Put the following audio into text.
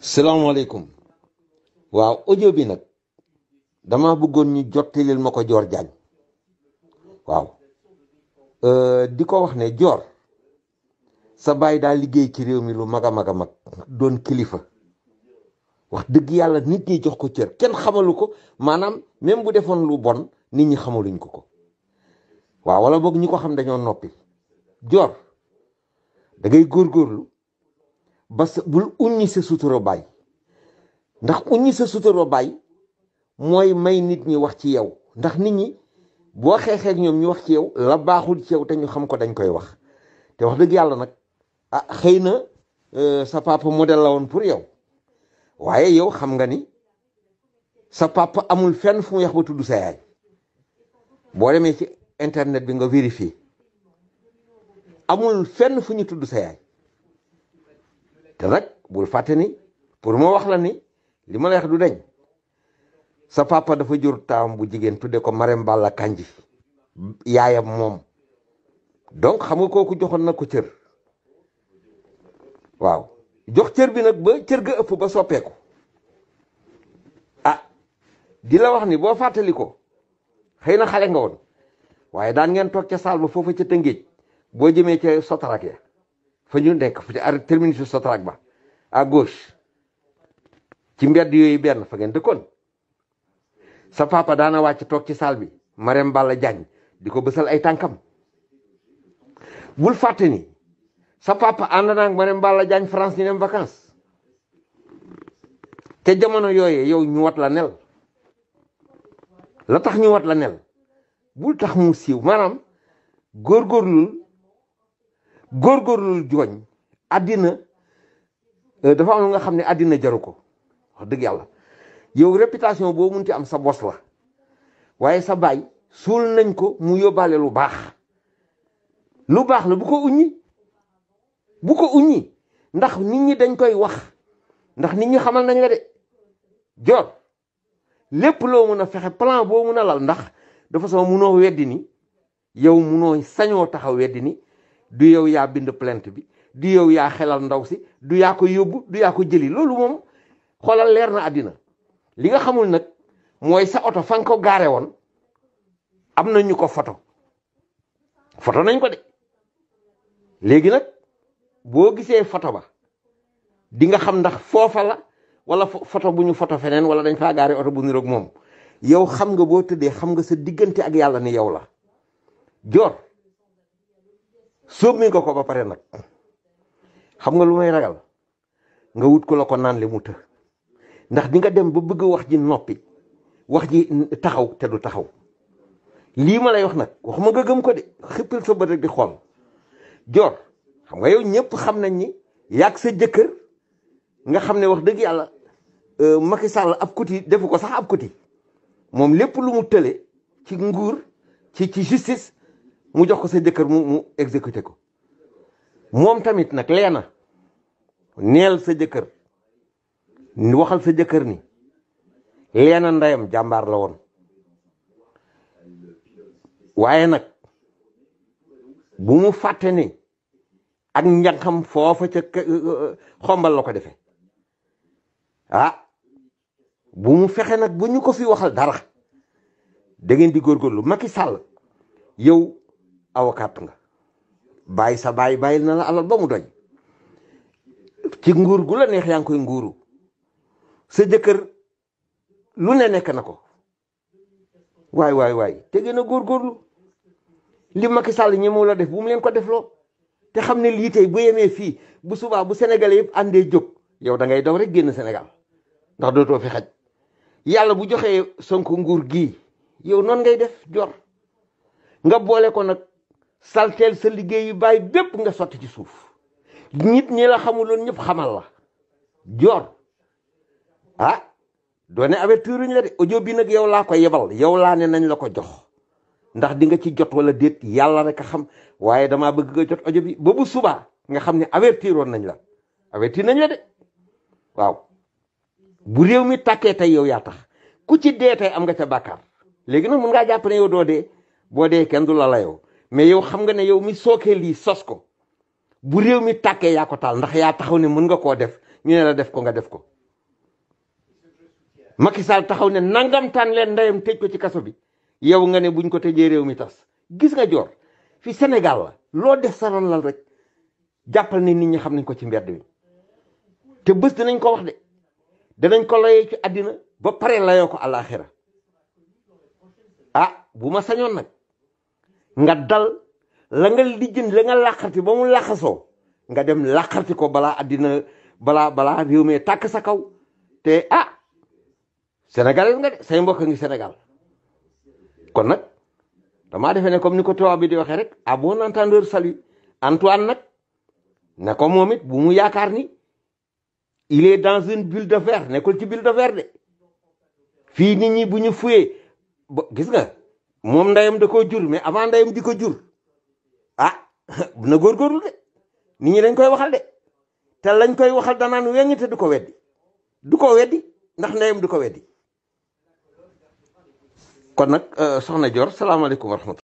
salaamaaleykum waaw audio bi nag dama bëggoon ñu jottilil ma ko joor Diagne waaw euh, di ko wax ne joor sa baay daa liggéey ci réew mi lu mag a mag a mag doon kilifa wax dëgg yàlla nit ñi jox ko cër kenn xamalu ko maanaam même bu defoon lu bon nit ñi xamaluñ ko ko waaw wala boog ñi ko xam dañoo noppi joor da ngay góorgóorlu ba sa bul uññi sa sutura baay ndax uññi sa sutura baay mooy may nit ñi wax ci yow ndax nit ñi boo xeexeek ñoom ñu wax ci yow la baaxul ci yow te ñu xam ko dañ koy wax te wax dëgg yàlla nag ah xëy na euh, sa papa model la woon pour yow waaye yow xam nga ni sa papa amul fenn fu mu yax ba tudd sa yaay boo demee ci internet bi nga vérifié amul fenn fu ñu tudd sa yaay te nag bul fàtte pour ma wax la ni li ma la wax du dañ sa papa dafa jur taam bu jigéen tudde ko Marème a Kandji yaayam moom donc xam nga kooku joxoon na ko cër waaw jox cër bi nag ba cër ga ëpp ba soppeeku ah di wax ni boo fàttali ko xëy na xale nga woon waaye daan ngeen toog ca saal ba foofa ca tëngéej boo jëmee ca sotarak ya fa ñu nekk fa ci ar terminus Sotrac ba à gauche ci mbedd yooyu benn fa ngeen dëkkoon sa papa daana wàcc toog ci saal bi Marème Balla Diagne di ko bësal ay tànkam bul fàtte ni sa papa ànd naa ak Marème Balla Diagne France ñu dem vacances te jamono yooyee yow ñu wat la nel la tax ñu wat la nel bul tax mu siiw maanaam góorgóorlul góor góorgóorlu jooñ àddina euh, dafa am nga xam ne àddina jaru ko wax dëgg yàlla yow réputation boo munti am sa bos la waaye sa baay suul nañ ko mu yóbbaale lu baax lu baax la bu ko uññi bu ko uññi ndax nit ñi dañ koy wax ndax nit ñi xamal nañ la de jor lépp loo mun a fexe plan boo mun a lal ndax dafa soo munoo weddi ni yow munoo sañoo taxaw weddi ni du yow yaa bind plainte bi du yow yaa xelal ndaw si du yaa ko yóbbu du yaa ko jëli loolu moom xoolal leer na àddina li nga xamul nag mooy sa oto fa ko gaare woon am na ñu ko foto foto nañ ko de léegi nag boo gisee foto ba di nga xam ndax foofa la wala foto bu ñu foto feneen wala dañ faa gaare oto bu niroog moom yow xam nga boo tëddee xam nga sa diggante ak yàlla ni yow la joor sóob mi nga ko ba pare nag xam nga lu may ragal nga wut ko la ko naan li mu të ndax di nga dem ba bëgg wax ji noppi wax ji taxaw te du taxaw lii ma lay wax nag waxuma nga gëm ko de xippil sa bët rek di xool joor xam nga yow ñëpp xam nañ ni yàq sa jëkkër nga xam ne wax dëgg yàlla euh, Macky Sall ab kuti defu ko sax ab kuti moom lépp lu mu tële ci nguur ci ci justice mu jox ko sa jëkkër mu mu exécuté ko moom tamit nag leena neel sa jëkkër waxal sa jëkkër ni leena ndeyam jàmbaar la woon waaye nag bu mu fàtte ni ak njàngam foofa ca xombal la ko defe ah bu mu fexe nag bu ñu ko fi waxal dara da ngeen di góorgóorlu Macky Sall yow a avocat nga bàyyi sa bàyyi bàyyil na la alal ba mu doy ci nguur gu la neex yaa ngi koy nguuru sa jëkkër lu ne nekk na ko waay waay waay te gën a góorgóorlu li Macky Sall ñemewu la def bu mu leen ko defloo te xam ne lii tey bu yemee fii bu subaa bu Sénégalais yëpp àndee jóg yow da ngay daw rek génn senegal ndax dootoo fi xaj yàlla bu joxee Sonko nguur gii yow noonu ngay def jor nga boole ko nag salteel sa liggéeyu baay bépp nga sotti ci suuf nit ñi la xamuloon ñëpp xamal la joor ah doone avertiruñ la de audio bi nag yow laa ko yebal yow laa ne nañ la ko jox ndax di nga ci jot wala déet yàlla rek a xam waaye damaa bëgg nga jot audio bi ba bu subaa nga xam ne avertiroon nañ la avertir nañ la de waaw bu réew mi tàkkee tey yow yaa tax ku ci dee tey am nga ca bàkkaar léegi nag mën ngaa jàpp ne yow doo dee boo dee kenn du la layoo mais yow xam nga ne yow mi sookee lii sos ko bu réew mi tàkkee yaa ko taal ndax yaa taxaw ne mën nga koo def ñu ne la def ko nga def ko Macky Sall taxaw ne nangamtaan leen ndeyam tëj ko ci kaso bi yow nga ne buñ ko tëjee réew mi tas gis nga joor fi Sénégal la loo def sa ron lal rek jàppal ne nit ñi xam nañ ko ci mbedd mi te bés dinañ ko wax de danañ ko layee ci àddina ba pare layoo ko àllaaxira ah bu ma sañoon nag nga dal la nga lijjën la nga làqarti ba mu làqasoo nga dem làqarti ko balaa àddina balaa balaa réew mi tàkk sa kaw te ah sénégalais nga de say mbokk ngi sénégal kon nag damaa defee ne comme ni ko tubaab bi di waxee rek à bon entendeur salut Antoine nag ne ko moom it bu mu yaakaar ni il est dans une bulle de verre nekkul ci bulle de verre de fii nit ñi bu ñu fuyee ba gis nga moom ndayam da koo jur mais avant ndayam di ko jur ah na góorgóorlu de nit ñi dañ koy waxal de te lañ koy waxal danaan weññ te du ko weddi du ko weddi ndax ndayam du ko weddi kon nag euh, soxna Dior salaamaaleykum wa rahmatulah